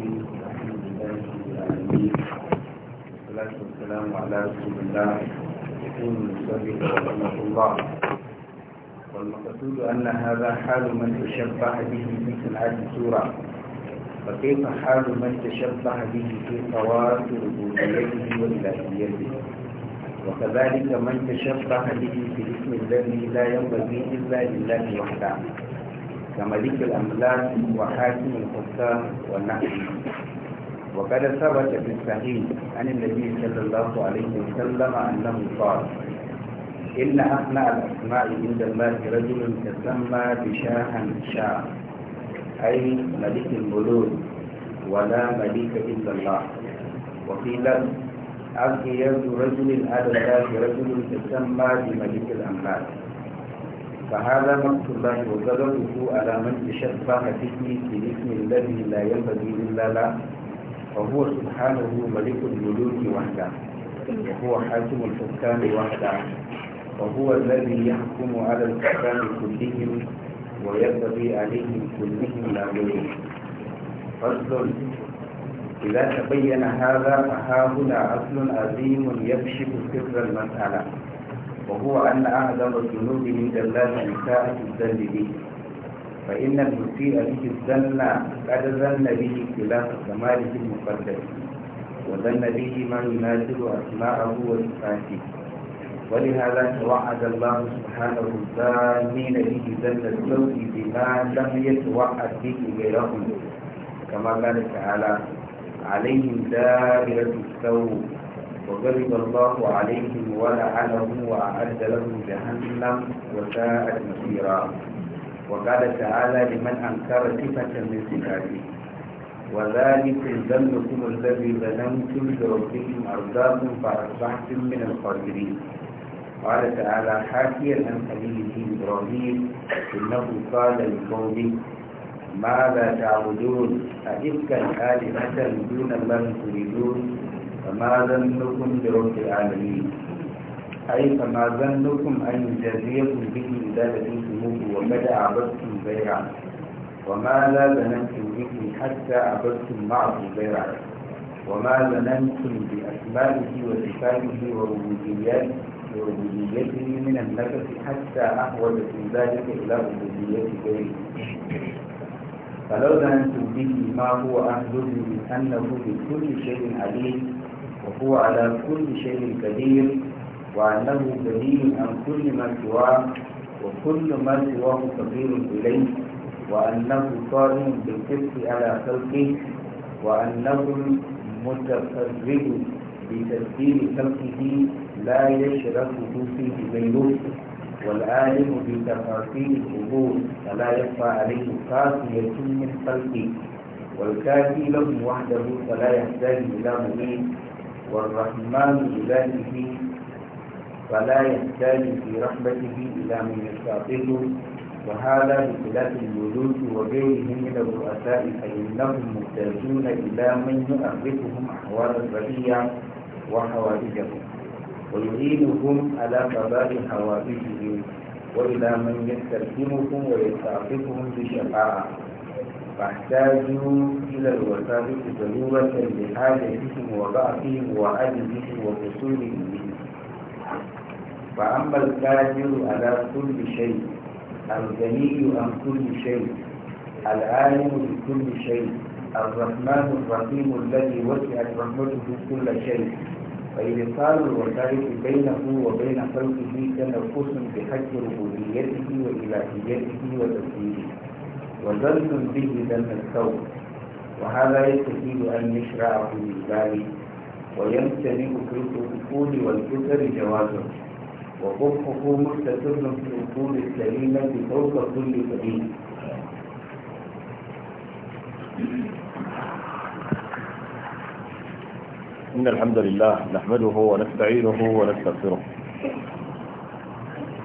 الرحيم لله رب العالمين والصلاة والسلام على رسول الله يكون المصلي رحمه الله والمقصود أن هذا حال من تشبه به في صنعة السورة فكيف حال من تشبه به في خواص ربوبيته وإلهيته وكذلك من تشبه به في اسم الذي لا ينبغي إلا لله وحده كملك الأملاك وحاكم الحكام والنحو وقد ثبت في الصحيح عن النبي صلى الله عليه وسلم أنه قال إن أقنع الأسماء عند الله رجل تسمى بشاها شاه أي ملك الملوك ولا ملك إلا الله وقيل لفظ أبقية رجل على الله رجل تسمى بملك الأملاك فهذا مقت الله وغضبه على من فيه به اسم الذي لا ينبغي الا له وهو سبحانه ملك الملوك وحده وهو حاكم الحكام وحده وهو الذي يحكم على الحكام كلهم ويقضي عليهم كلهم لا غيره فصل إذا تبين هذا فها هنا أصل عظيم يكشف سر المسألة وهو أن أعظم الذنوب عند الله إساءة الذنب به فإن المسيء به الذن قد ذن به خلاف كماله المقدس وذن به ما يناسب أسماءه وصفاته ولهذا توعد الله سبحانه الذانين به ذن السوء بما لم يتوعد به غيرهم كما قال تعالى عليهم دائرة السوء وغلب الله عليهم ولعنهم وأعد لهم جهنم وساءت مسيرا وقال تعالى لمن أنكر صفة من صفاته وذلك ذنبكم الذي ظلمتم بربكم أرضاكم فأصبحتم من الخاسرين قال تعالى حاكيا عن خليله إبراهيم إنه قال لقومه ماذا تعبدون أئفكا آلهة دون الله تريدون فما ظنكم برب العالمين أي فما ظنكم أن يجازيكم به إذا لقيتموه وبدا عبدتم بيعا وما لا ظننتم به حتى عبدتم معه بيعا وما ظننتم بأسمائه وصفاته وربوبيته من النفس حتى أحوج في ذلك إلى ربوبية غيره فلو ظننتم به ما هو أهل من أنه بكل شيء عليم وهو على كل شيء قدير وأنه بديل عن كل ما سواه وكل ما سواه قدير إليه وأنه قادم بالقسط على خلقه وأنه المتفرد بتدبير خلقه لا يشركه فيه غيره والعالم بتفاصيل الأمور فلا يخفى عليه كافية من خلقه والكافي له وحده فلا يحتاج إلى مبين والرحمن بذاته فلا يحتاج في رحمته إلى من يستعطيه وهذا بخلاف الوجود وغيرهم من الرؤساء فإنهم محتاجون إلى من يؤرخهم أحوال البرية وحوادثهم ويعينهم على قضاء حوادثهم وإلى من يستلزمهم ويستعطفهم بشفاعة فاحتاجوا إلى الوثائق ضرورة لحاجتهم وضعفهم وعجزهم وقصورهم به فأما القادر على كل شيء الغني عن كل شيء العالم بكل شيء الرحمن الرحيم الذي وسعت رحمته كل شيء فإدخال الوثائق بينه وبين خلقه كان تنفس بحج ربوبيته وإلهيته وتسليمه وزلزل به دم الثوب وهذا يستفيد أن يشرع في البال ويمتلي في الأصول والكسر جوازه وفقه مستتر في الأصول السليمة فوق كل سبيل إن الحمد لله نحمده ونستعينه ونستغفره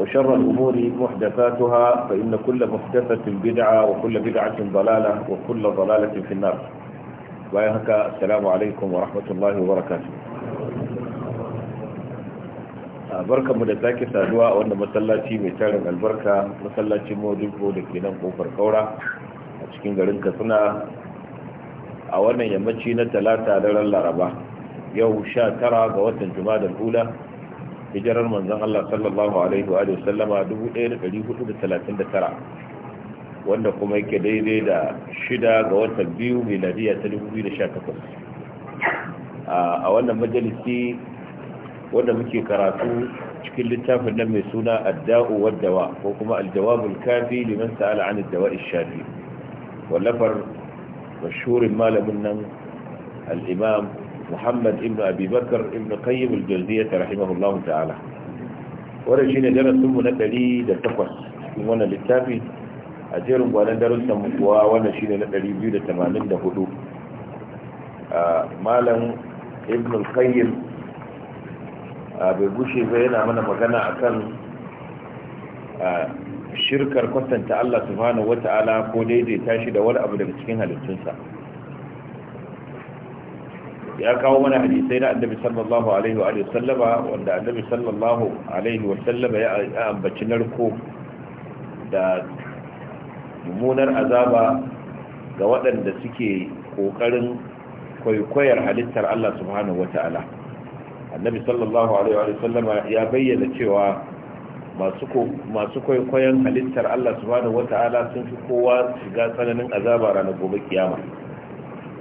وشر الأمور محدثاتها فإن كل محدثة بدعة وكل بدعة ضلالة وكل ضلالة في النار ويهك السلام عليكم ورحمة الله وبركاته بركة مدتاك سادواء وأن مسلاتي ميتارن البركة مسلاتي موجبه لكي ننقو فرقورة cikin garin katsina a wannan yammaci na talata daren laraba yau sha tara ga watan juma'a da hula hijirar manzon Allah sallallahu alaihi wa sallama 1439 wanda kuma yake daidai da shida ga watan biyu miladiya ta 2018 a wannan majalisi wanda muke karatu cikin littafin nan mai suna adda'u waddawa ko kuma aljawabul kafi liman sa'ala an addawa'i shafi wallafar mashurin malamin nan al muhammad ibnu abi bakar ibn qayyim al-jawziyya rahimahullahu ta'ala wannan shine darasin mu na 108 cikin wannan littafi a jerin gwanan darussan kuwa wannan shine na 284 malam ibn al-qayyim bai bushe ba yana mana magana kan shirkar kwatanta Allah subhanahu wata'ala ko daidaita shi da wani abu daga cikin halittunsa ya kawo mana hadisai na annabi sallallahu alaihi wa sallama wanda annabi sallallahu alaihi wa sallama ya ambaci narko da mummunar azaba ga waɗanda suke ƙoƙarin kwaikwayar halittar Allah subhanahu ta'ala annabi sallallahu alaihi wa sallama ya bayyana cewa masu kwaikwayon halittar Allah subhanahu ta'ala sun fi kowa shiga tsananin azaba ranar gobe kiyama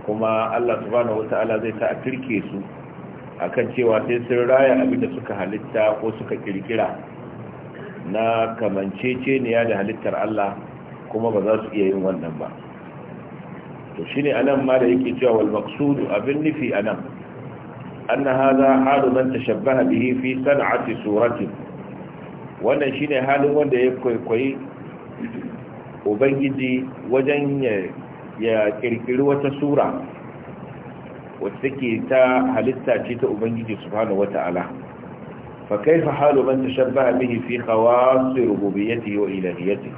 kuma Allah subhanahu wata'ala zai ta kirke su akan cewa sai sun raya abinda suka halitta ko suka kirkira na kamanceceniya da halittar Allah kuma ba za su iya yin wannan ba to shine anan ma da yake cewa wal maqsudu abin nufi anan anna hadha halu man tashabbaha bihi fi san'ati surati wannan shine halin wanda ya kwaikwayi ubangiji wajen ya ya kirkiri wata sura wacce take ta halitta ce ta ubangiji subhanahu wata'ala fa kaifa halu man tashabba bihi fi khawas rububiyyati wa ilahiyyati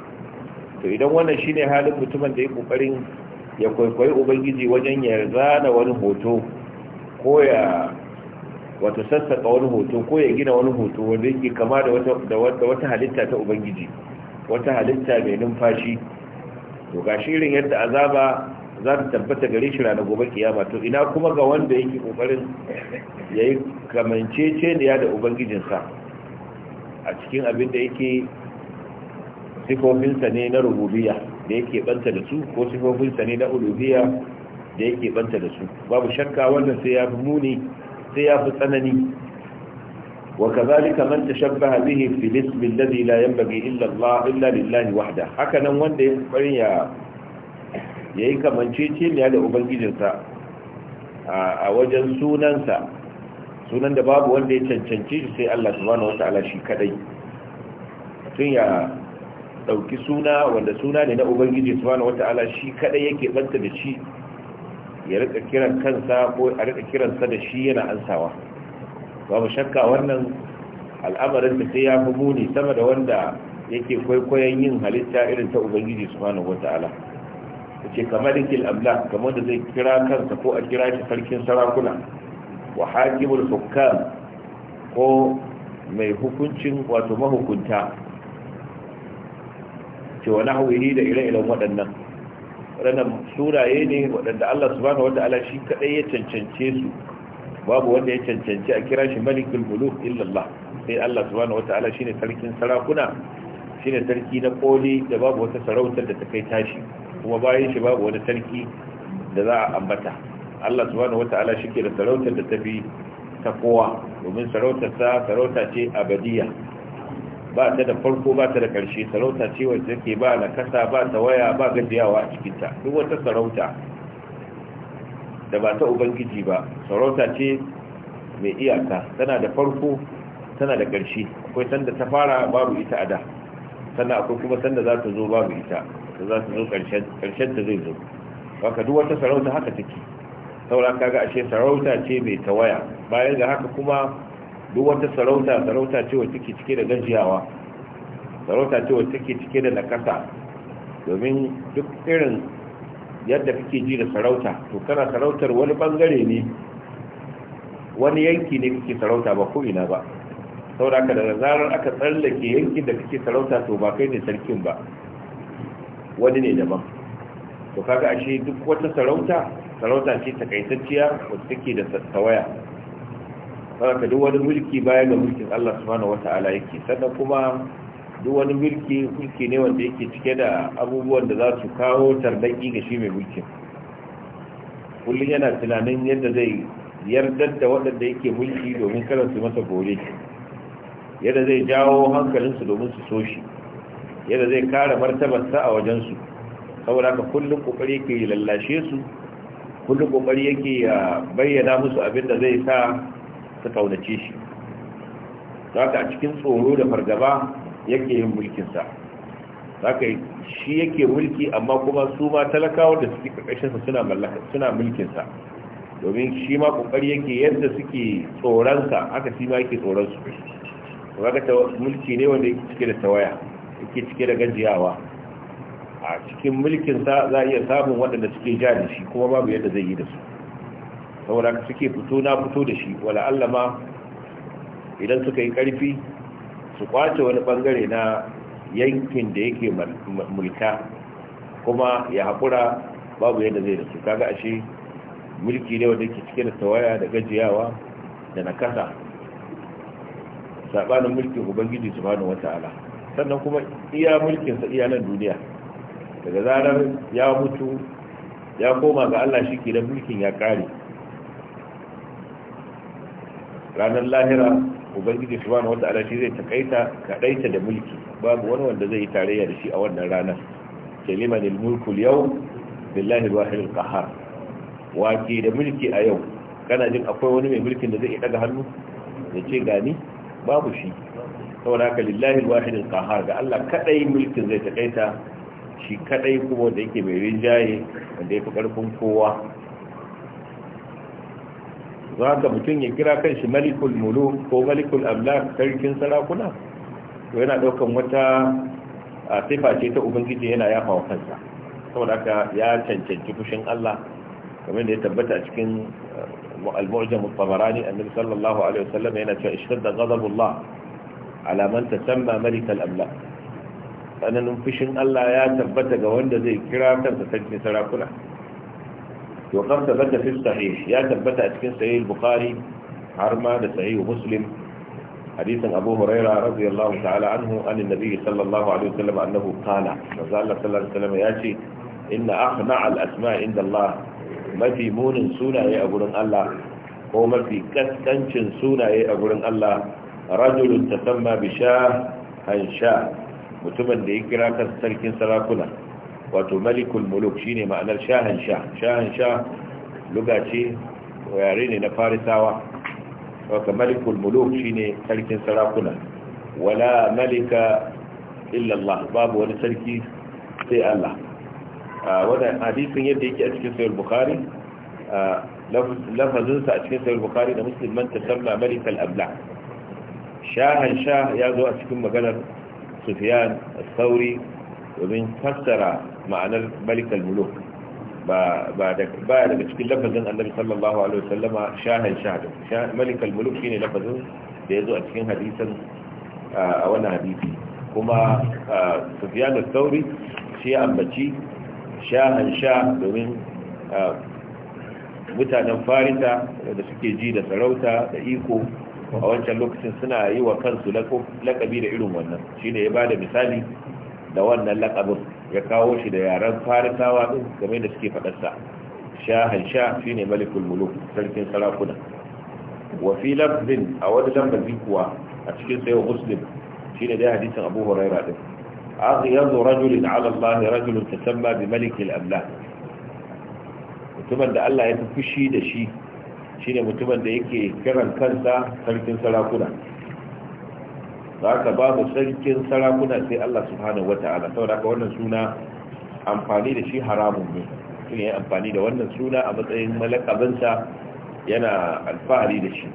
to idan wannan shine halin mutumin da ya kokarin ya kwaikwayi ubangiji wajen ya zana wani hoto ko ya wato sassaka wani hoto ko ya gina wani hoto wanda yake kama da wata halitta ta ubangiji wata halitta mai numfashi to ga shirin yadda azaba za ta tabbata gare shi ranar gobe kiyama to ina kuma ga wanda yake kokarin yayi kamancece ne ya da ubangijinsa a cikin abin da yake sifofinsa ne na rububiya da yake banta da su ko sifofinsa ne na ulubiya da yake banta da su babu shakka wannan sai ya fi muni sai ya fi tsanani وكذلك من تشبه به في الاسم الذي لا ينبغي إلا الله إلا لله وحده هكذا من يقولون يا yayi kamancece da ubangijinsa a wajen sunansa sunan da babu wanda ya cancanci shi sai Allah subhanahu wataala shi kadai tun ya dauki suna wanda suna ne na ubangiji subhanahu wataala shi kadai yake banta da shi ya rika kiran kansa a rika kiransa da shi yana ansawa babu shakka wannan al'amarin da sai ya fi muni sama da wanda yake kwaikwayon yin halitta irin ta ubangiji subhanahu wataala yace kamalikil amla kamar da zai kira kansa ko a kira shi sarkin sarakuna wa hakimul hukam ko mai hukuncin wato mahukunta ce wa nahwihi da ire-iren waɗannan waɗannan suraye ne waɗanda Allah subhanahu ta'ala shi kadai ya cancance su babu wanda ya cancanci a kira shi malikul muluk illallah sai Allah subhanahu wataala shine sarkin sarakuna shine sarki na koli da babu wata sarautar da ta kai tashi kuma bayan shi babu wani sarki da za a ambata Allah subhanahu wataala shi ke da sarautar da tafi ta kowa domin sarautar sa sarauta ce abadiya ba ta da farko ba ta da karshe sarauta ce wacce take ba nakasa ba ta waya ba gajiyawa a cikin ta duk wata sarauta da ba ta ubangiji ba sarauta ce mai iyaka tana da farko tana da ƙarshe akwai sanda ta fara babu ita a da sannan akwai kuma sanda za ta zo babu ita ta za ta zo ƙarshen ta zai zo baka duk wata sarauta haka take saura kaga ashe sarauta ce mai tawaya bayan da haka kuma duk wata sarauta sarauta ce wacce take cike da gajiyawa sarauta ce wacce take cike da nakasa domin duk irin yadda kake ji da sarauta to kana sarautar wani bangare ne wani yanki ne kake sarauta ba ko'ina ba saboda da zarar aka tsallake yankin da kake sarauta to ba kai ne sarkin ba wani ne daban to kaga ashe duk wata sarauta sarauta ce takaitacciya wacce take da tawaya saboda duk wani mulki baya ga mulkin Allah subhanahu wata'ala yake sannan kuma duk wani mulki mulki ne wanda yake cike da abubuwan da za su kawo tarbaki ga shi mai mulkin kullum yana tunanin yadda zai yardar da waɗanda yake mulki domin kada su masa gore yadda zai jawo hankalinsu domin su so shi yadda zai kare martabarsa a wajensu saboda ka kullum kokari yake lallashe su kullum kokari yake ya bayyana musu abin da zai sa su kaunace shi haka a cikin tsoro da fargaba yake yin mulkinsa haka shi yake mulki amma kuma su ma talakawa da suke ƙarƙashinsa suna mallaka suna mulkinsa domin shi ma ƙoƙari yake yadda suke tsoronsa haka shi ma yake tsoronsu to ta mulki ne wanda yake cike da tawaya yake cike da gajiyawa a cikin mulkinsa za a iya samun waɗanda suke ja da shi kuma babu yadda zai yi da su saboda suke fito na fito da shi wala Allah ma idan suka yi ƙarfi su kwace wani bangare na yankin da yake mulka kuma ya haƙura babu yadda zai da su kaga ashe mulki ne wanda ke cike da tawaya da gajiyawa da nakasa sabanin mulkin ubangiji wata ala sannan kuma iya mulkin sa iya nan duniya daga zarar ya mutu ya koma ga Allah shi ke mulkin ya kare ranar lahira ubangiji subhanahu wata'ala shi zai takaita kadaita da mulki babu wani wanda zai yi tarayya da shi a wannan ranar kalima lil mulku yau billahi al-wahid al-qahhar da mulki a yau kana jin akwai wani mai mulkin da zai daga hannu ya ce gani babu shi saboda haka lillahi al-wahid al-qahhar ga Allah kadai mulkin zai takaita shi kadai kuma wanda yake mai rinjaye wanda yafi karfin kowa za ka mutum ya kira kan shi malikul mulu ko malikul Abla sarkin sarakuna to yana daukan wata sifa ce ta ubangiji yana yafa wa kansa saboda haka ya cancanci fushin Allah kamar da ya tabbata a cikin eh, al-mu'jam at-tabarani annabi sallallahu alaihi wasallam yana cewa ishadda ghadabullah ala man tasamma malikal amla tsananin fushin Allah ya tabbata ga wanda zai kira kansa sarkin sarakuna to kan tabbata fi sahih ya tabbata a cikin sahih bukhari har ma da sahih muslim hadisin abu huraira radiyallahu ta'ala anhu an annabi sallallahu alaihi wasallam annahu qala manzo Allah sallallahu alaihi wasallam ya ce inna ahna al asma inda Allah mafi munin sunaye a gurin Allah ko mafi kaskancin sunaye a gurin Allah rajulun tasamma bi sha hansha mutumin da ya kira kan sarkin sarakuna wato malikul muluk shine ma'anar shahin sha shahin sha lugaci yare ne na farisawa waka malikul muluk shine sarkin sarakuna wala malika illa Allah babu wani sarki sai Allah a wannan hadisin yadda yake a cikin sahih bukhari lafazin sa a cikin sahih bukhari da muslim man tasamma malik al abla shahin sha ya zo a cikin maganar sufyan al-thawri domin fassara ma'anar malikal muluk ba daga cikin lafazin annabi sallallahu alaihi wasallama shahin shahada malikal muluk shine lafazin da ya zo a cikin hadisan a wannan hadisi kuma sufyan al-thawri shi ya ambaci shahin shah domin mutanen farita da suke ji da sarauta da iko a wancan lokacin suna yi wa kansu lakabi da irin wannan shine ya bada misali da wannan lakabin ya kawo shi da yaren farisawa din game da suke faɗarsa shahan sha ne malikul muluk sarkin sarakuna wa fi lafzin a wani lambazi kuwa a cikin sayo muslim shine dai hadisin abu huraira din aghyazu rajulin ala allah rajulun tasamma bi malikil amlak mutumin da Allah ya fi fushi da shi shine mutumin da yake kiran kansa sarkin sarakuna za ka mu sarkin sarakuna sai Allah subhanahu wata'ala saboda ka wannan suna amfani da shi haramun ne shi yi amfani da wannan suna a matsayin malakabinsa yana alfahari da shi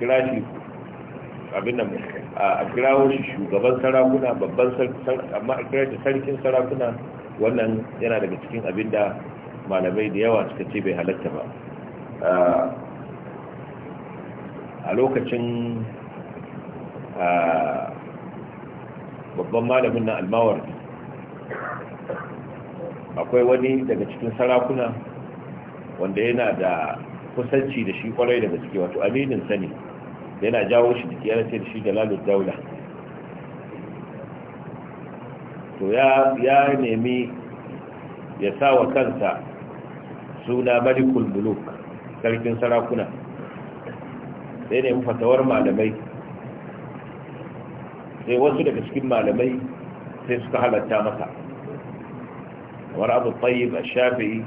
kira shi abin da a kirawo shi shugaban sarakuna babban amma a kira shi sarkin sarakuna wannan yana daga cikin abin da malamai da yawa suka ce bai halatta ba a lokacin babban malamin na almawar akwai wani daga cikin sarakuna wanda yana da kusanci da shi kwarai da gaske wato aminin sani yana jawo shi da yana ce da shi jalalul daula to ya nemi ya sa wa kansa suna malikul buluk sarkin sarakuna sai nemi fatawar malamai sai wasu daga cikin malamai sai suka halatta masa kamar abu tayyib al shafi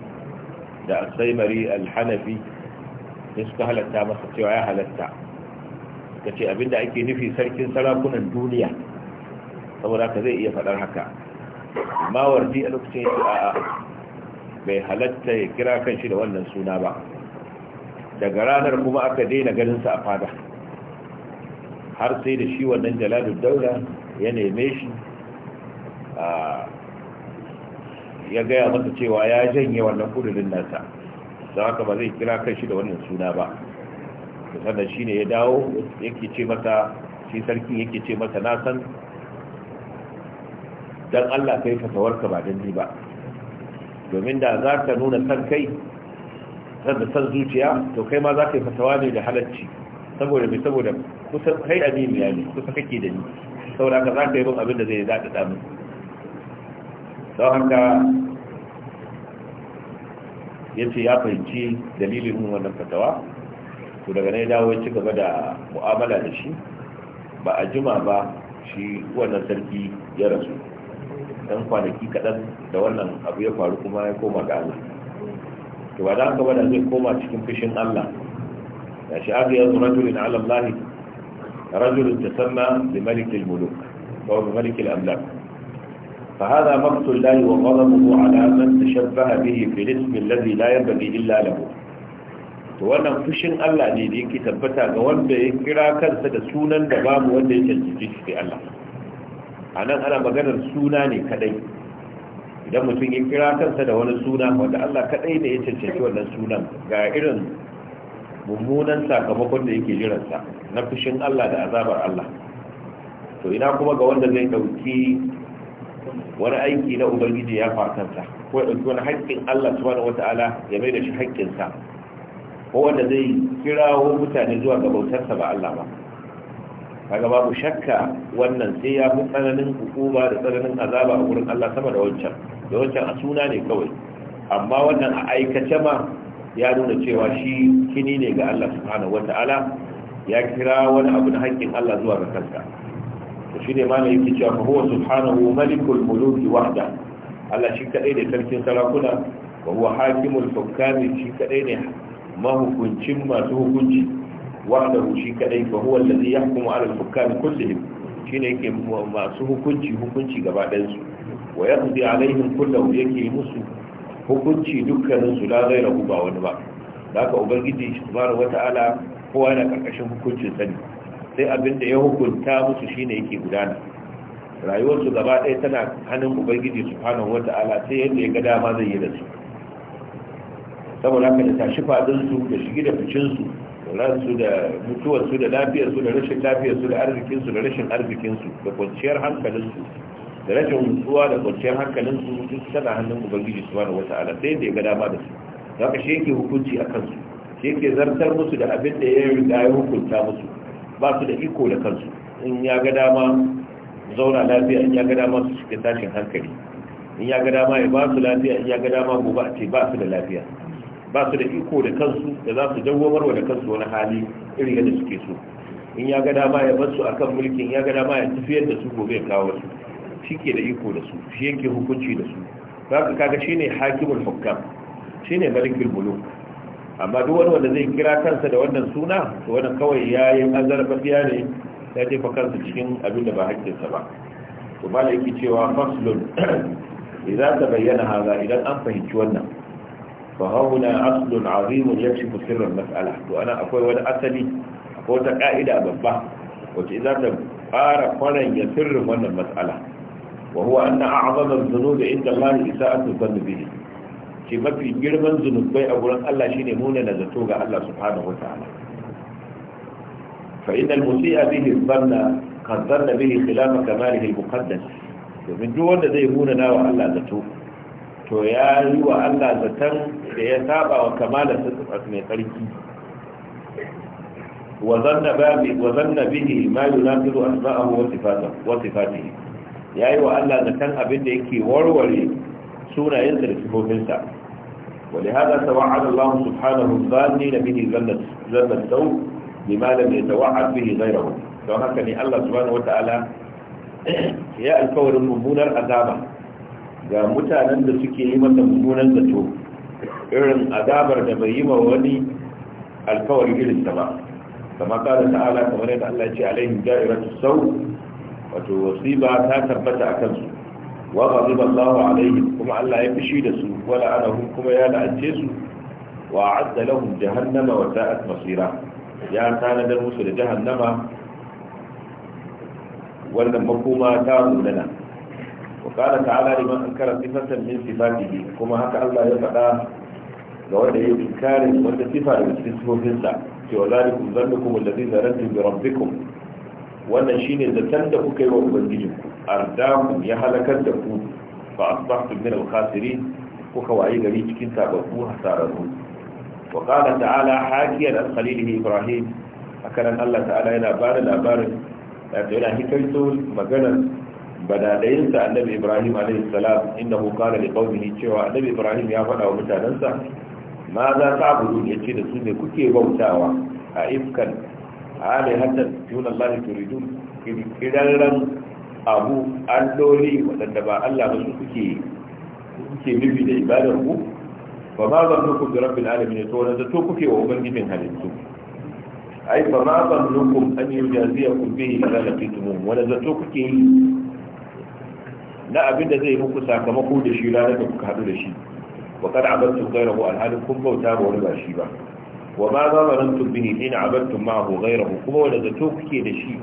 da al-saimari al-hanafi sai suka halatta masa cewa ya halatta ka ce abinda ake nufi sarkin sarakunan duniya saboda ka zai iya faɗar haka mawar wardi a lokacin yake a'a bai halatta ya kira kan shi da wannan suna ba daga ranar kuma aka daina ganinsa a fada har sai da shi wannan jalalun daula ya neme shi ya gaya masa cewa ya janye wannan kudurin nasa za haka ba zai kira kan shi da wannan suna ba da shi ne ya dawo yake ce masa shi sarki yake ce masa na san don allah kai ka ba don ba domin da za ta nuna san kai san da san zuciya to kai ma za ka yi fasawa ne da halarci saboda mai saboda kusa kai a aminu ya ne kusa kake da ni saboda ka za ka yi bin abin da zai daɗa samu don haka ya ce ya fahimci dalilin yin wannan fatawa to daga na ya dawo ya ci gaba da mu'amala da shi ba a jima ba shi wannan sarki ya rasu dan kwanaki kaɗan da wannan abu ya faru kuma ya koma ga Allah to ba za ka bada zai koma cikin fushin Allah ya shi abiyar rajulin ala Allah rajulun tasamma bi malikil muluk ko bi malikil amlak فهذا مقت الله وغضبه على من تشبه به في الاسم الذي لا ينبغي إلا له to wannan fushin Allah ne da yake tabbata ga wanda ya kira kansa da sunan da babu wanda ya cancanci shi Allah a nan ana maganar suna ne kadai idan mutum ya kira kansa da wani suna wanda Allah kadai ne ya cancanci wannan sunan ga irin mummunan sakamakon da yake jiransa na fushin Allah da azabar Allah to ina kuma ga wanda zai dauki wani aiki na ubangiji ya farkanta ko ya dauki wani haƙƙin Allah subhanahu wataala ya mai da shi haƙƙinsa ko wanda zai kirawo mutane zuwa ga bautarsa ba Allah ba kaga babu shakka wannan sai ya fi tsananin hukuma da tsananin azaba a wurin Allah sama da wancan da wancan a suna ne kawai amma wannan a aikace ma ya nuna cewa shi kini ne ga Allah subhanahu wata'ala ya kira wani abu na haƙƙin Allah zuwa ga kanka to shine ma ne yake cewa huwa subhanahu malikul muluki wahda Allah shi kadai ne sarkin sarakuna wa huwa hakimul hukami shi kadai ne mahukuncin masu hukunci wanda shi kadai fa huwa allazi yahkumu ala al-hukami kullihim shine yake masu hukunci hukunci gaba ɗayan su wa yaqdi alaihim kullahu yake musu hukunci dukkanin su zai rabu ba wani ba da aka ubangiji subhanahu wata'ala kowa yana karkashin hukuncin sani sai abin da ya hukunta musu shine yake gudana rayuwarsu gaba ɗaya tana hannun ubangiji subhanahu wata'ala sai yadda ya ga dama zai yi da su saboda haka da tashi fadin su da shige da ficin su ransu da su da su da rashin lafiyar su da arzikin su da rashin arzikin su da kwanciyar hankalin su. da rashin nutsuwa da kwanciyar hankalin su duk tana hannun ubangiji wata ala sai da ya ga dama da su za shi yake hukunci a kansu shi yake zartar musu da abin da ya yi riga ya hukunta musu ba su da iko da kansu in ya ga dama zauna lafiya in ya ga dama su shiga tashin hankali in ya ga dama ya ba su lafiya in ya ga dama gobe a ce ba su da lafiya ba su da iko da kansu da za su marwa da kansu wani hali irin yadda suke so in ya ga dama ya bar su akan mulkin ya ga dama ya tafiyar da su gobe ya kawo su shi ke da iko da su shi yanke hukunci da su za ka kaga shi ne hakimul hukam shi ne malikul muluk amma duk wani wanda zai kira kansa da wannan suna to wannan kawai ya yi azarfafiya ne ya jefa kansa cikin abin da ba hakkinsa ba to ba yake cewa faslun idan ta bayyana haza idan an fahimci wannan fa hauna aslun azimun yakshifu sirran mas'ala to ana akwai wani asali akwai wata ka'ida babba wacce idan ta fara kwanan ya sirrin wannan mas'ala وهو أن أعظم الذنوب عند الله إساءة الظن به في ما في جرمان ذنوب بي أقول الله شيني مونة نزتوغا الله سبحانه وتعالى فإن المسيء به الظن قد ظن به خلاف كماله المقدس ومن جوا ذي مونة ناوى الله زتوغا to ya yi wa Allah zaton da ya saba wa kamala sa mai tsarki wa zanna bihi ma yunafiru ya yi wa Allah zaton abin da yake warware sunayen da sifofinsa wani hada ta wa'ad Allah subhanahu zanni na bihi zannan sau lima da mai tawa'ad bihi zairahu don haka ne Allah subhanahu wa ta'ala ya alfawarin mummunar azaba ga mutanen da suke yi masa mummunan zato irin azabar da bai yi wa wani alfawar irinsa ba kama kala ta'ala kamar yadda Allah ce alaihim da'iratu sau wato wasiba ta tabbata a kansu wa ba Allahu alaihi kuma Allah ya fishi da su wa la'anahum kuma ya la'ance su wa a'adda lahum jahannama wa sa'at masira ya tanadar musu da jahannama wannan makoma ta nuna وقال تعالى لمن انكر صفه من صفاته كما هكا الله يفدا ga wanda ya inkarin wata sifa da cikin sifofinsa cewa zalikum zannukum alladhi zarantum bi rabbikum wannan shine zaton da kuka yi wa ubangijin ku ardamu ya halakar da ku ba asbahtum min al kuka wayi gari cikin tababbu hasararru wa qala ta'ala hakiyan an khalilihi ibrahim akaran Allah ta'ala yana da labarin da yana hikaito maganar badadayinsa annabi ibrahim alaihi salam innahu da liqaumihi cewa annabi ibrahim ya faɗa wa mutanensa ma za ta ce da su ne kuke bautawa a ifkan alihatan dun Allah turidun kirkirarren abu an alloli waɗanda ba Allah ba su kuke kuke nufi da ibadar ku ba ma ban nukun da rabbil alamin to wanda to kuke wa ubangijin halittu ai ba ma ban nukun an yi jaziya kun bihi da lalakitum wanda zato kuke yi na abin da zai muku sakamako da shi ranar da kuka hadu da shi wa kada abartu gairahu alhalin kun bauta ba wani ba shi ba wa ma za zarantum bihi in abattum ma'ahu ghayrahu kuma wanda zato kuke da shi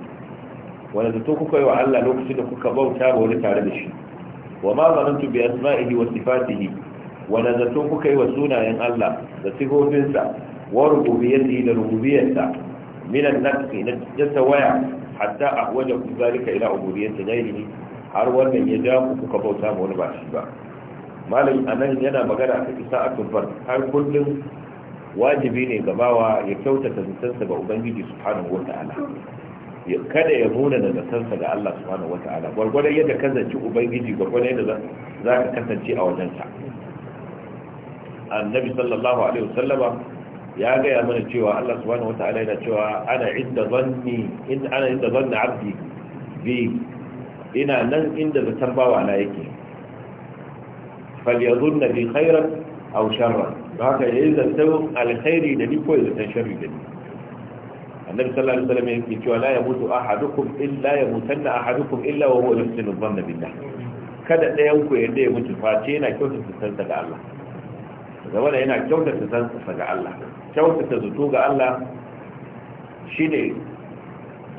wanda zato kuka yi wa Allah lokacin da kuka bauta ga wani tare da shi wa ma zarantum bi asma'ihi wa sifatihi wanda zato kuka yi wa sunayen Allah da sifofinsa wa rububiyyatihi da rububiyyarsa min an-nafsi na tasawaya hatta a ahwajakum zalika ila ubudiyyati ghayrihi har wannan ya ja ku kuka bauta ga wani ba shi ba malam anan yana magana a cikin sa'atul fard har kullum wajibi ne ga bawa ya kyautata zatansa ga ubangiji subhanahu wata'ala kada ya muna da zatansa ga Allah subhanahu wata'ala gwargwadon yadda kasance zanci ubangiji gwargwadon yadda za ka kasance a wajensa annabi sallallahu alaihi wasallama ya gaya mana cewa Allah subhanahu wata'ala yana cewa ana inda zanni in ana inda zanni abdi bi ina nan inda zatar bawa na yake falyadhunna bi khairan aw sharran ba haka yi zantan alkhairi da ni ko zantan sharri da ni annabi sallallahu alaihi wasallam yake cewa la yamutu ahadukum illa yamutanna ahadukum illa wa huwa yusinu dhanna billah kada ɗayan ku yadda ya mutu face yana kyautata sansa ga Allah zama da yana kyautata sansa ga Allah kyautata zato ga Allah shine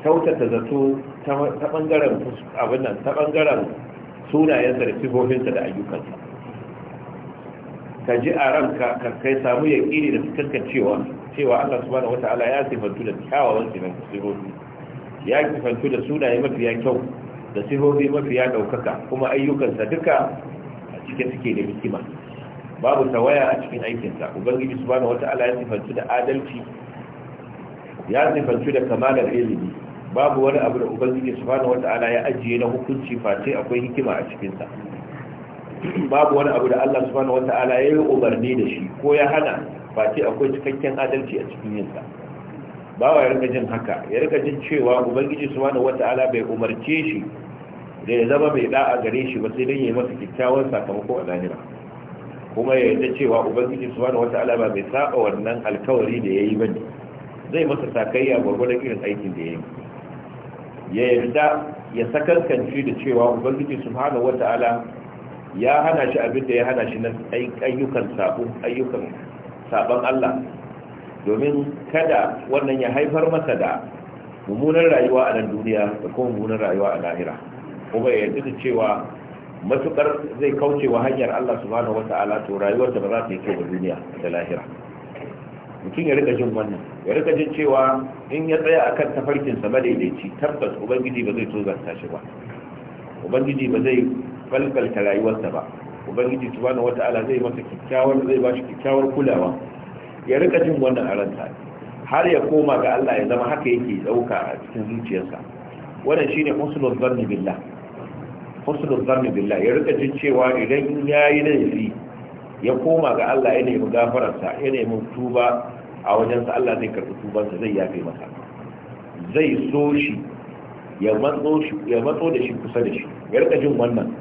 kyautata zato ta bangaren abin nan ta bangaren sunayen zarfi sifofinsa da ayyukansa ka ji a ranka ka kai samu kiri da cikinka cewa cewa Allah subhanahu ta'ala ya sifantu da kyawawan sifofi ya sifantu da sunaye mafiya kyau da sifofi mafiya daukaka kuma ayyukansa duka a cikin suke da hikima babu tawaya a cikin aikinsa ubangiji subhanahu ta'ala ya sifantu da adalci ya sifantu da kamalar ilimi babu wani abu da ubangiji subhanahu ta'ala ya ajiye na hukunci face akwai hikima a cikinsa babu wani abu da Allah subhanahu wata'ala ya yi umarni da shi ko ya hana ce akwai cikakken adalci a cikin yinsa Ba wa yarka jin haka ya rika jin cewa ubangiji subhanahu wata'ala bai umarce shi da ya zama mai da'a gare shi ba sai dan yi masa kikkiawar sakamako a lahira kuma ya yarda cewa ubangiji subhanahu wata'ala ba bai saba wannan alkawari da yayi ba zai masa sakayya gwargwadon irin aikin da yayi ya yarda ya sakankanci da cewa ubangiji subhanahu wata'ala ya hana shi abin da ya hana shi na ayyukan sabon ayyukan sabon Allah domin kada wannan ya haifar masa da mummunan rayuwa a nan duniya da kuma mummunan rayuwa a lahira kuma ya yi cewa matukar zai kauce wa hanyar Allah su mana wata to rayuwar da ba za ta yi kyau ga duniya da lahira mutum ya rika jin wannan ya rika jin cewa in ya tsaya a kan tafarkinsa madaidaici tabbas ubangiji ba zai tozarta shi ba ubangiji ba zai falkalta rayuwarsa ba ubangiji subhanahu wata'ala zai masa kyakkyawar zai ba shi kyakkyawar kulawa ya rika jin wannan a ransa har ya koma ga Allah ya zama haka yake dauka a cikin zuciyarsa wannan shine husnul zanni billah husnul zanni billah ya rika jin cewa idan yayi laifi ya koma ga Allah ya nemi gafararsa ya nemi tuba a wajensa Allah zai karɓi tubansa zai yafe masa zai so shi ya matso da shi kusa da shi ya rika jin wannan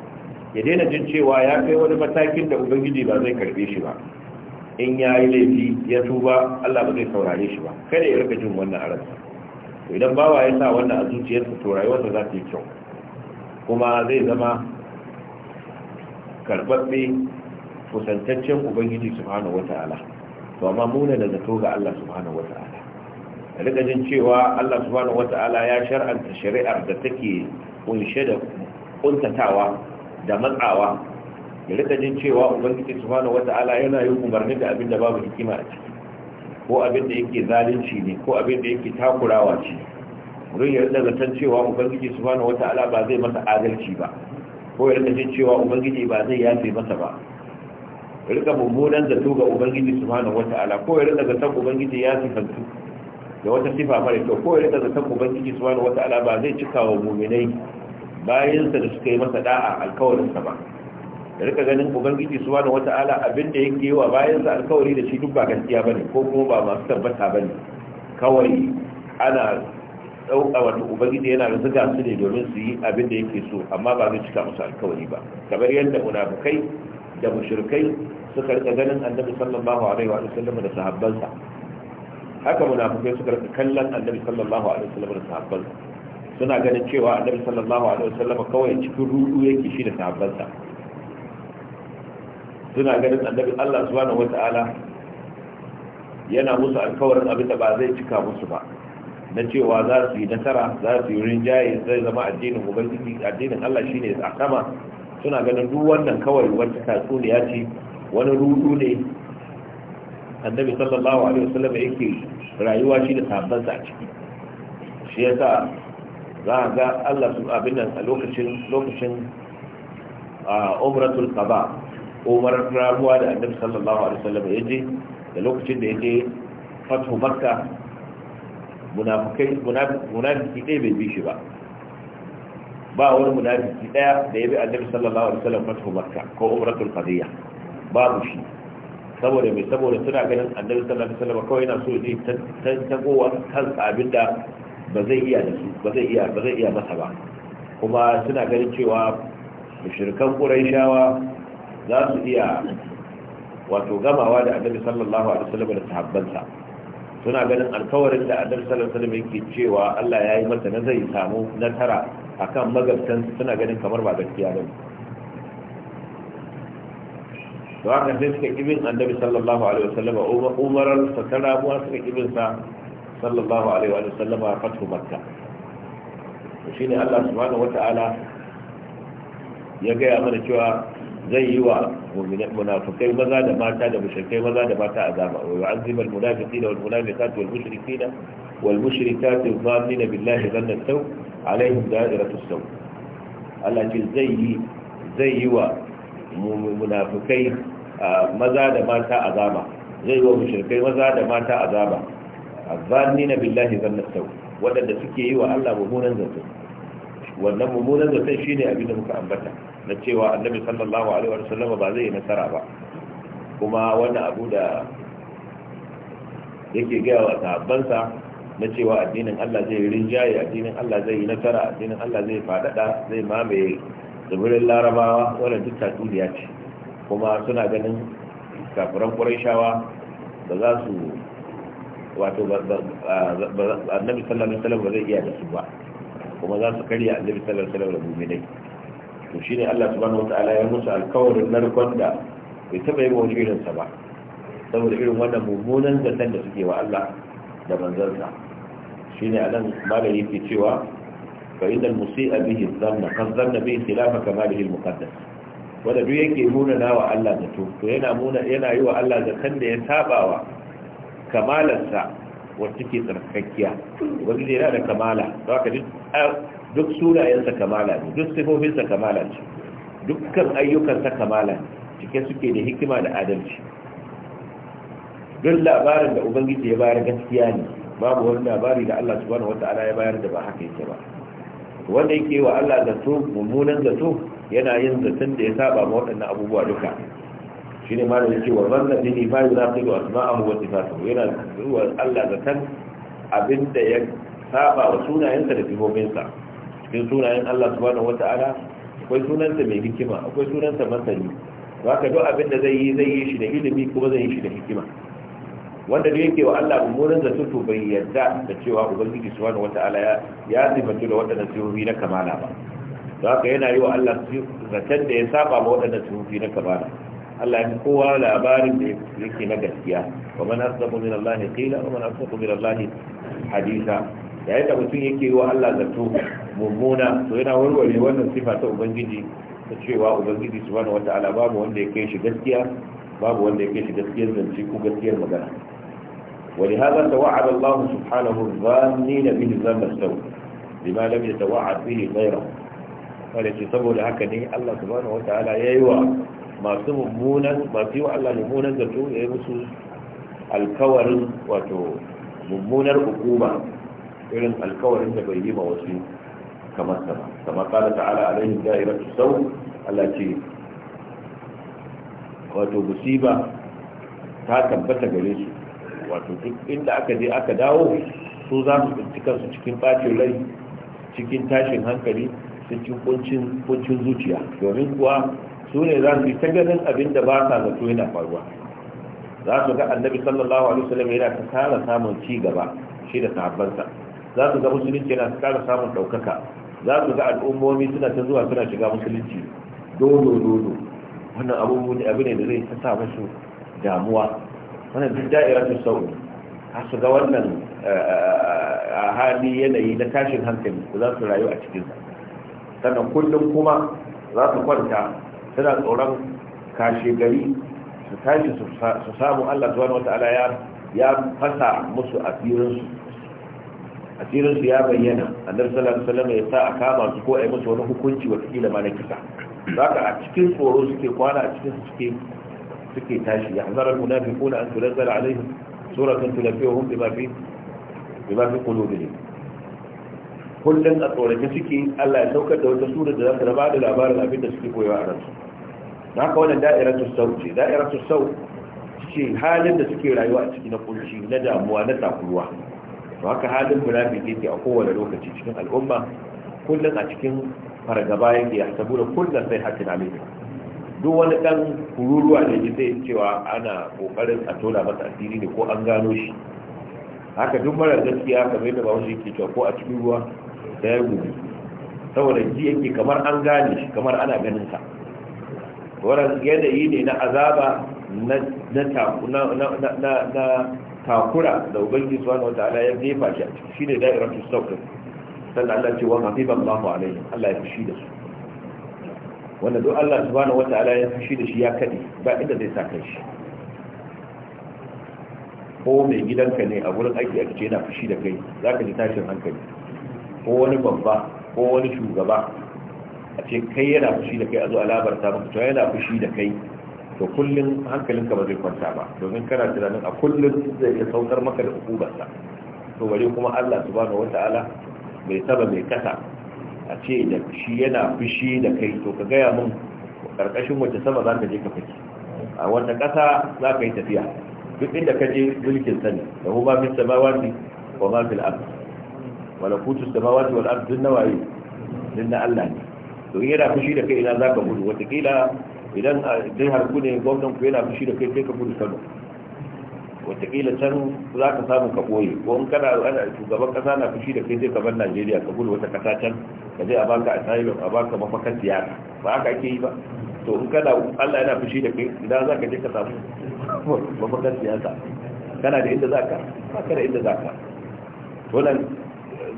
ya daina jin cewa ya kai wani matakin da ubangiji ba zai karbe shi ba in ya yi laifi ya tuba Allah ba zai saurare shi ba kada ya rika jin wannan a to idan bawa ya sa wannan a zuciyarsa to rayuwarsa za ta yi kyau kuma zai zama karbabbe kusantaccen ubangiji subhanahu wata'ala to amma muna da zato ga Allah subhanahu wata'ala a rika jin cewa Allah subhanahu wata'ala ya shar'anta shari'ar da take kunshe da kuntatawa da matsawa ya rika jin cewa ubangiji subhanahu wata'ala yana yin umarni da abin da babu hikima a ciki ko abin da yake zalunci ne ko abin da yake takurawa ce Mun yi rika zaton cewa ubangiji subhanahu wata'ala ba zai masa adalci ba ko ya rika jin cewa ubangiji ba zai yafe masa ba ya rika mummunan zato ga ubangiji subhanahu wata'ala ko ya rika zaton ubangiji ya fantu da wata sifa mara kyau ko ya rika zaton ubangiji subhanahu wata'ala ba zai cika wa muminai bayansa da suka yi masa da'a alkawarinsa ba da rika ganin ubangiji su wani wata'ala abinda yake yi wa bayansa alkawari da shi duk ba gaskiya ba ne ko kuma ba masu tabbata ba ne kawai ana ɗauka wata ubangiji yana da zuga su ne domin su yi abinda yake so amma ba zai cika musu alkawari ba kamar yadda munafukai da mushrikai suka rika ganin annabi sallallahu alaihi wa sallam da sahabbansa haka munafukai suka rika kallon annabi sallallahu alaihi wa sallam da sahabbansa suna ganin cewa annabi sallallahu alaihi wasallam kawai cikin rudu yake shi da sahabbansa suna ganin annabi Allah subhanahu wataala yana musu alkawarin abin da ba zai cika musu ba na cewa za su yi nasara za su yi rinjaye zai zama addinin ubangiji addinin Allah shine a sama suna ganin duk wannan kawai wata tatsuniya ce wani rudu ne annabi sallallahu alaihi wasallam yake rayuwa shi da sahabbansa a ciki shi yasa za a ga Allah su abin nan a lokacin lokacin a umratul qada umar rabuwa da annabi sallallahu alaihi wasallam ya je da lokacin da yake fathu makka munafikai munafiki dai bai bi shi ba ba wani munafiki daya da ya bi annabi sallallahu alaihi wasallam fathu makka ko umratul qadiyya babu shi saboda mai saboda suna ganin annabi sallallahu alaihi wasallam kawai yana so ya ta ta kowa kansa abinda ba zai iya da su ba zai iya ba zai iya masa ba kuma suna ganin cewa mushrikan quraishawa za su iya wato gamawa da annabi sallallahu alaihi wasallam da sahabbansa suna ganin alkawarin da annabi sallallahu alaihi wasallam yake cewa Allah ya yi masa na zai samu nasara akan magabtan suna ganin kamar ba gaskiya ba da haka sai suka kibin annabi sallallahu alaihi wasallam umarar sa ta rabuwa suka kibin sa sallallahu alaihi wa sallama fatu makka shi ne allah subhanahu wa ta'ala ya gaya mana cewa zai yi wa munafukai maza da mata da mushrikai maza da mata azaba wa yu'azzibu al-munafiqina wal munafiqati wal mushrikina wal mushrikati dhanina billahi dhanna saw alaihim da'iratu saw Allah ce zai yi zai yi wa munafukai ah, maza da mata azaba zai yi wa mushrikai maza da mata azaba azzannina billahi zanna sau waɗanda suke yi wa Allah mummunan zato wannan mummunan zaton shine abin da muka ambata na cewa annabi sallallahu alaihi wa sallam ba zai yi nasara ba kuma wannan abu da yake gaya wa sahabbansa na cewa addinin Allah zai rinjaye addinin Allah zai yi nasara addinin Allah zai fadada zai mamaye tsibirin larabawa wannan duk tatsuniya ce kuma suna ganin kafiran ƙurayshawa ba za su wato annabi sallallahu alaihi wasallam ba zai iya da su ba kuma za su karya annabi sallallahu alaihi wasallam da mu'minai to shine Allah subhanahu wataala ya musu alƙawarin narkon da bai taba yi wani irin sa ba saboda irin wannan mummunan zaton da suke wa Allah da manzansa shine anan malami yake cewa fa innal musi'a bihi dhanna kan dhanna bihi khilafa kamalihi almuqaddas wanda duk yake muna nawa Allah zato to yana muna yana yi wa Allah zaton da ya sabawa kamalarsa wacce ke tsarkakkiya ubangiji yana da kamala ah, duk sunayensa kamala ne duk sifofinsa kamala ce dukkan ayyukansa kamala cike suke da hikima da adalci duk labarin da ubangiji ya bayar gaskiya ne babu wani labari da Allah subhanahu wata'ala ya bayar da ba haka yake ba wanda yake wa Allah zato mummunan zato yana yin zaton da ya saba ma waɗannan abubuwa duka shi ne da yake wa zanna bihi ma yunaqidu asma'ahu wa sifatuhu yana zuwa Allah da zakan abinda ya saba wa sunayensa da sifofinsa cikin sunayen Allah wata ala, akwai sunanta mai hikima akwai sunanta masani haka duk abin da zai yi zai yi shi da ilimi kuma zai yi shi da hikima wanda da yake wa Allah mummunan zato to bai yarda da cewa ubangiji subhanahu wata'ala ya ya sifatu da wadannan sifofi na kamala ba ka yana yi wa Allah zaton da ya saba ma wadannan sifofi na kamala Allah ya kowa labarin da yake na gaskiya wa man asdaqu min Allah qila wa man asdaqu min Allah hadisa yayin da mutum yake wa Allah zato mummuna to yana warware wannan sifa ta ubangiji ta cewa ubangiji subhanahu wataala babu wanda ya kai shi gaskiya babu wanda ya kai shi gaskiyar zance ko gaskiyar magana ولهذا توعد الله سبحانه الظانين به ظن السوء لما لم يتوعد به غيره ولكن سبب هكذا الله سبحانه وتعالى يا masu mummunan masu yi wa Allah mummunan zato ya yi musu alkawarin wato mummunar hukuma irin alkawarin da bai yi ma wasu kamar ta sama kamar kala ta'ala alaihim su sau Allah ce wato musiba ta tabbata gare su wato duk inda aka je aka dawo su za su tsinci kansu cikin ɓacin rai cikin tashin hankali cikin kuncin zuciya domin kuwa su ne za su yi ta ganin abin da ba sa zato yana faruwa za su ga annabi sallallahu alaihi wasallam yana ta kara samun ci gaba shi da sahabbansa za su ga musulunci yana ta kara samun ɗaukaka za su ga al'ummomi suna ta zuwa suna shiga musulunci dodo dodo wannan abubuwan abu ne da zai ta sa musu damuwa wannan duk da'ira ta sau a su ga wannan a eh, eh, hali yanayi na tashin hankali za su rayu a cikinsa sannan kullum kuma za su kwanta suna tsoron kashe gari su tashi su samu Allah subhanahu wataala ya ya fasa musu asirinsu asirinsu ya bayyana a sallallahu salama ya sa a kama su ko a yi musu wani hukunci wata ma na kisa za ka a cikin tsoro suke kwana a cikin suke tashi ya fi kuna an tura fiye hun bi bima fi bima fi ne Kullum a tsoron suke Allah ya saukar da wata sura da za ta raba da labarin abin da suke koyawa a ransu da haka wannan da'iratu sau ce da'iratu sau ce halin da suke rayuwa a ciki na kunci na damuwa na takuruwa to haka halin munafiki yake a kowane lokaci cikin al'umma kullum a cikin fargaba yake ya saboda da kullum sai hakin alaihi duk wani dan kururuwa ne ji zai cewa ana kokarin a tona masa asiri ne ko an gano shi haka duk marar gaskiya kamar yadda bawo yake cewa ko a cikin ruwa da ya gudu saboda ji yake kamar an gane shi kamar ana ganin sa wannan yanayi ne na azaba na takura da ubangiji subhanahu wataala ya jefa shi a ciki shine da'iratu sawt sannan Allah ce wa mafiba Allahu alaihi Allah ya fushi da su wanda duk Allah subhanahu wataala ya fushi da shi ya kade ba inda zai sa kai shi ko mai gidanka ne a gurin aiki a ce yana fushi da kai zaka ji tashin hankali ko wani babba ko wani shugaba a ce kai yana fushi da kai a zo a labarta maka cewa yana fushi da kai to kullum hankalinka ba zai kwanta ba domin kana tunanin a kullum zai iya saukar maka da hukubarsa to bari kuma Allah subhanahu wata'ala bai saba mai kasa a ce da shi yana fushi da kai to ka gaya min karkashin wace sama za ka je ka fake a wata kasa za ka yi tafiya duk inda ka je mulkin sani da hu ma fil samawati wa ma fil ard wa la kutus samawati wal ard dun nawayi din na Allah ne to yana fushi da kai idan za ka gudu watakila idan a jihar ku ne gwamnan ku yana fushi da kai sai ka gudu kano watakila can za ka samu ka ɓoye ko in kana shugaban kasa na fushi da kai sai ka bar najeriya ka gudu wata kasa can ka je a baka asylum a baka mafakan siyasa ba haka ake yi ba to in kana allah yana fushi da kai idan za ka je ka samu mafakan siyasa kana da inda za ka ba ka da inda za ka wannan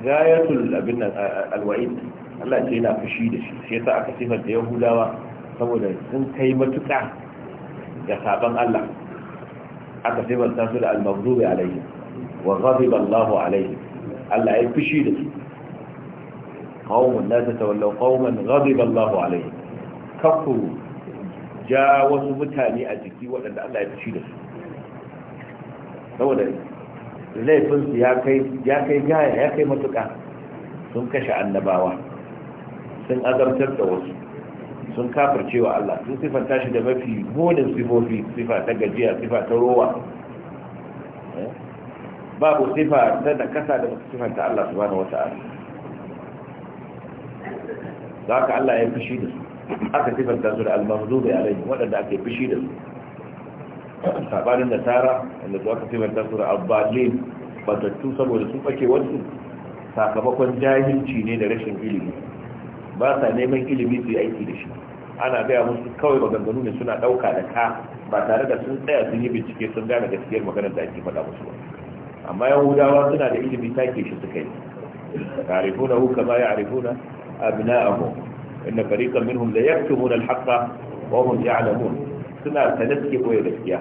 gayatul abin nan alwa'id Allah ce yana fushi da shi sai yasa aka sifar da yahudawa saboda sun kai matuƙa da saban Allah aka sifar ta su da al-maghdubi alaihi wa ghadiba Allah alaihi Allah ya fushi da su qaumun la tatawallaw qauman ghadiba Allah alaihi kafu ja wasu mutane a jiki waɗanda Allah ya fushi da su saboda laifinsu ya kai gaya ya kai matuƙa sun kashe annabawa sun azabtar da wasu sun kafar cewa Allah sun sifanta shi da mafi munin sifofi sifa ta gajiya sifa ta rowa eh? babu sifa ta da kasa da sifanta Allah su wata ala za ka Allah ya fushi da su aka sifanta su da da yare waɗanda ake fushi da su sabanin da tara wanda su aka sifanta su da albalin batattu saboda sun ɓake wasu sakamakon jahilci ne da rashin ilimi ba sa neman ilimi su yi aiki da shi ana gaya musu kawai maganganu ne suna ɗauka da ka ba tare da sun tsaya sun yi bincike sun gane gaskiyar maganar da ake faɗa musu ba amma yahudawa suna da ilimi take shi suka yi ta'rifuna hu kama ya'rifuna abna'ahum inna fariqan minhum la yaktumuna al-haqqa wa hum ya'lamun suna sanar suke koyar gaskiya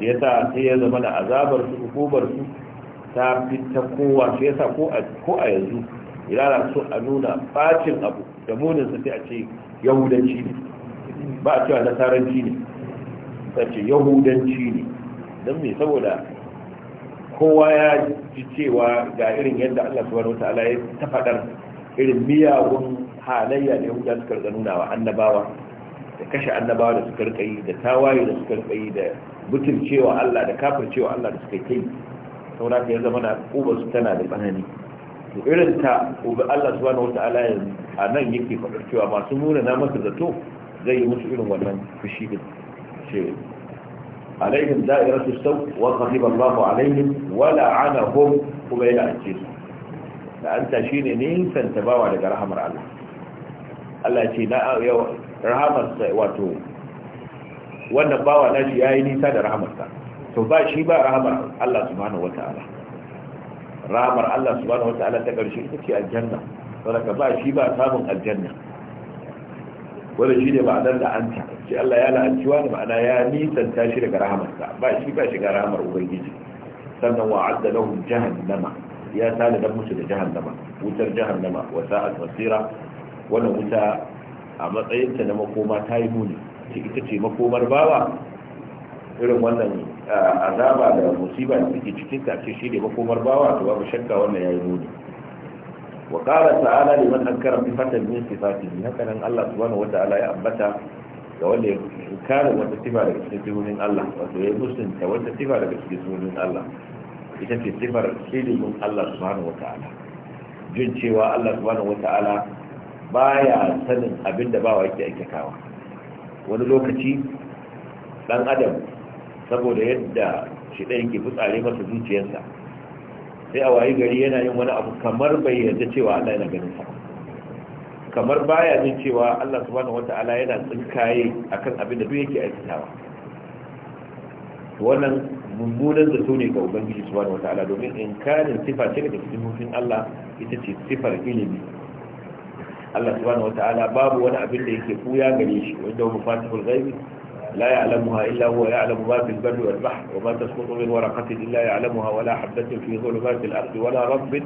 shi yasa sai ya zama na azabar su hukubar su ta fita kowa shi yasa ko a yanzu ilala so a nuna bacin abu da muninsa sai a ce yahudanci ne ba a cewa nasaranci ne sai ce yahudanci ne don me saboda kowa ya ji cewa ga irin yadda Allah subhanahu wata'ala ya ta faɗar irin miyagun halayya da yahuda suka rika nuna wa annabawa da kashe annabawa da suka rika yi da tawaye da suka rika yi da butulcewa Allah da kafircewa Allah da suka yi saboda ya zama na kubar su tana da tsanani to irin ta ubi Allah subhanahu wata'ala yanzu a nan yake faɗar cewa masu nuna na masa zato zai yi musu irin wannan fushi din ce alaihim da'iratu sau wa qadiba Allahu alaihim wa la'anahum kuma yana ance su ne shine nisan bawa daga rahamar Allah Allah ce na yau rahamar sa wato wannan bawa na shi ya yi nisa da rahamar sa to ba shi ba rahamar Allah subhanahu wataala rahamar Allah subhanahu wataala ta karshe ita ce aljanna saboda ba shi ba samun aljanna wanda shi ne ma'anar la'anta shi Allah ya la'anci wani ma'ana ya nisan tashi daga rahamarsa ba shi ba shiga rahamar ubangiji sannan wa adda lahum jahannama ya tana da musu da jahannama wutar jahannama wa sa'at masira wannan wuta a matsayin ta na makoma ta yi muni ce ita ce makomar bawa irin wannan ah, azaba da musiba da suke cikin ta ce shi ne makomar bawa to babu shakka wannan ya yi muni wa qala ta'ala liman ankara sifatan min ne. haka nan Allah subhanahu wata'ala ya ambata ga wanda ya kare wata sifa daga cikin sunan Allah wato ya musunta wata sifa daga cikin sunan Allah ita ce sifar ilimin Allah subhanahu wata'ala jin cewa Allah subhanahu wata'ala baya sanin abin da bawa yake ake kawa wani lokaci dan adam saboda yadda shi ɗaya ke fitsare masa zuciyarsa sai a wayi gari yana yin wani abu kamar bai yarda cewa Allah yana ganin sa kamar baya jin cewa Allah subhanahu wata'ala yana tsinkaye akan abin da duk yake aikatawa wannan mummunan zato ne ga ubangiji subhanahu wata'ala domin inkarin sifa ce da cikin mutun Allah ita ce sifar ilimi Allah subhanahu wata'ala babu wani abin da yake kuya gare shi wanda mu fatihul ghaibi لا يعلمها إلا هو يعلم ما في البر والبحر وما تسقط من ورقة إلا يعلمها ولا حبة في ظلمات الأرض ولا رطب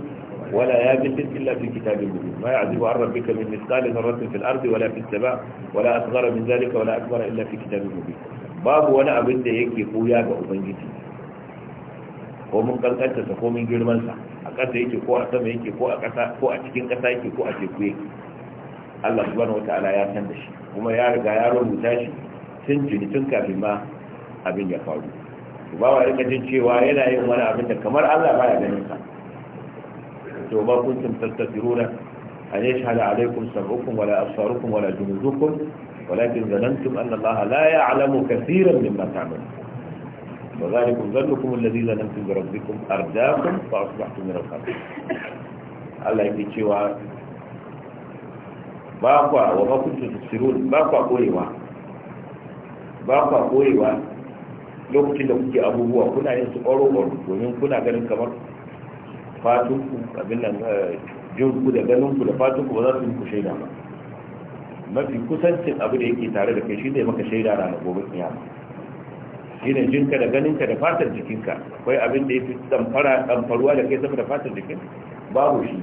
ولا يابس إلا في كتاب مبين ما يعزب عن ربك من مثقال ذرة في الأرض ولا في السماء ولا أصغر من ذلك ولا أكبر إلا في كتاب مبين باب ولا أبد يكي قويا بأبنجتي ومن a sama yake ko a kasa ko a cikin kasa yake ko a قوة أتكوين Allah subhanahu wata'ala ya san da shi kuma ya riga ya rubuta shi tun jini tun kafin ma abin ya faru ba wa rika jin cewa yana yin wani abin da kamar Allah baya ganin sa to ba kuntum tastatiruna an yashhada alaikum sab'ukum wala absarukum wala junudukum walakin zanantum anna Allah la ya'lamu kaseeran mimma ta'malun وذلكم ظنكم الذي ظننتم بربكم أرداكم فأصبحتم من الخاسرين Allah yake cewa ba kwa wa ba kuntu tusirun ba kwa koyewa ba kwa koyewa lokacin da kuke abubuwa kuna yin su ƙwaro ƙwaro domin kuna ganin kamar fatunku abin nan eh, jinku da ganinku da fatunku ba za su yi ku shaida ba mafi kusancin abu da yake tare da kai shi ne maka shaida na gobe kiyama shi ne jinka da ganinka da fatar jikinka akwai abin da ya fi ɗamfaruwa da kai sama da fatar jikin babu shi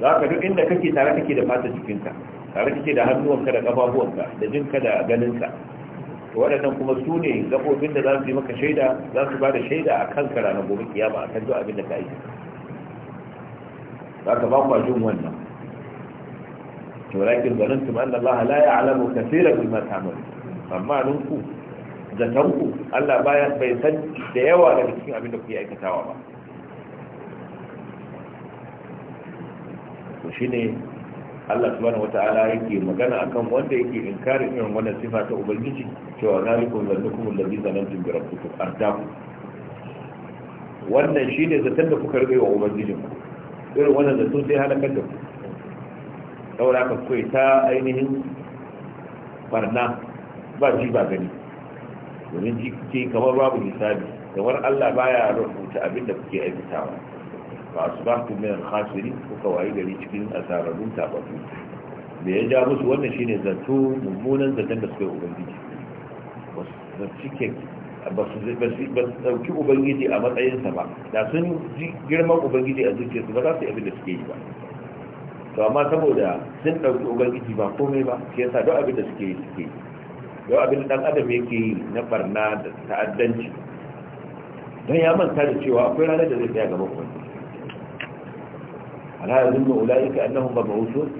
za ka duk inda kake tare kake da fatar jikinka tare kake da hannuwanka da kafafuwanka da jinka da ganinka waɗannan kuma su ne gaɓoɓin da za su yi maka shaida za su ba da shaida a kan ka ranar gobe kiyama a kan duk abin da ka yi za ka ba ku ajin wannan walakin ganin tuma an Allah la ya alamu kasira bi ma tamar amma nun ku zaton ku Allah baya bai san da yawa daga cikin abin da ku yi aikatawa ba shi shine Allah subhanahu wata'ala yake magana akan wanda yake inkarin irin wannan sifa ta ubangiji cewa zalikum zannukum allazi zanantum bi rabbikum ardaku wannan shine zaton da kuka rubewa ubangijin ku irin wannan zato sai halakar da ku saboda ka koyi ta ainihin barna ba ji ba gani domin ji kamar babu hisabi kamar Allah baya rubuta abin da kuke aikatawa ba su ba min al-khasirin ko kawai gari cikin asararun tababu me ya ja musu wannan shine zato mummunan zaton da suka yi ubangiji ba cike ba su dauki ubangiji a matsayinsa ba da sun girman ubangiji a zuciyarsu ba za su yi abin da suke yi ba to amma saboda sun dauki ubangiji ba komai ba shi yasa duk abin da suke yi suke yi yau abin dan adam yake yi na barna da ta'addanci don ya manta da cewa akwai ranar da zai tsaya gaba ubangiji ألا يظن أولئك أنهم مبعوثون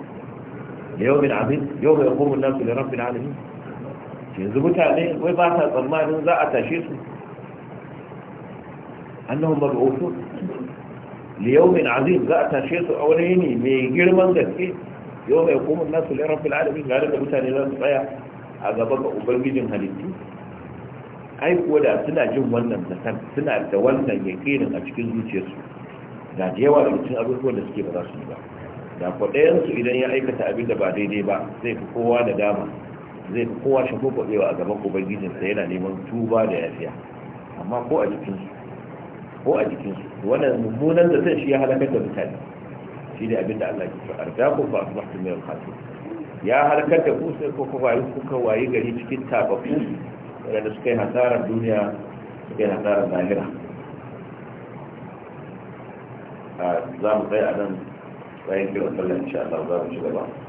ليوم عظيم يوم يقوم الناس لرب العالمين yanzu mutane wai ba tsammanin za a tashe su annahum mab'uthun li yawmin azim za a tashe su a wani girman gaske yau mai kuma nasu li rabbil alamin ga da mutane za su tsaya a gaba ga ubangijin halittu ai kuwa da suna jin wannan da suna da wannan yakinin a cikin zuciyarsu da yawa da cikin abubuwan da suke ba za su yi ba da kwaɗayensu idan ya aikata abin da ba daidai ba zai fi kowa da dama zai fi kowa shafo kwaɗewa a gaban ubangijinsa yana neman tuba da yafiya amma ko a jikinsu ko a jikinsu wannan mummunan da zai shi ya halakar da mutane shi ne abin da Allah ke cewa arzaku fa asbahtum min al-khasir ya halakar da ku sai ko kuma kuka wayi gari cikin tabaku da suka yi hasarar duniya suka yi hasarar lahira لا آه، يمكن إن شاء الله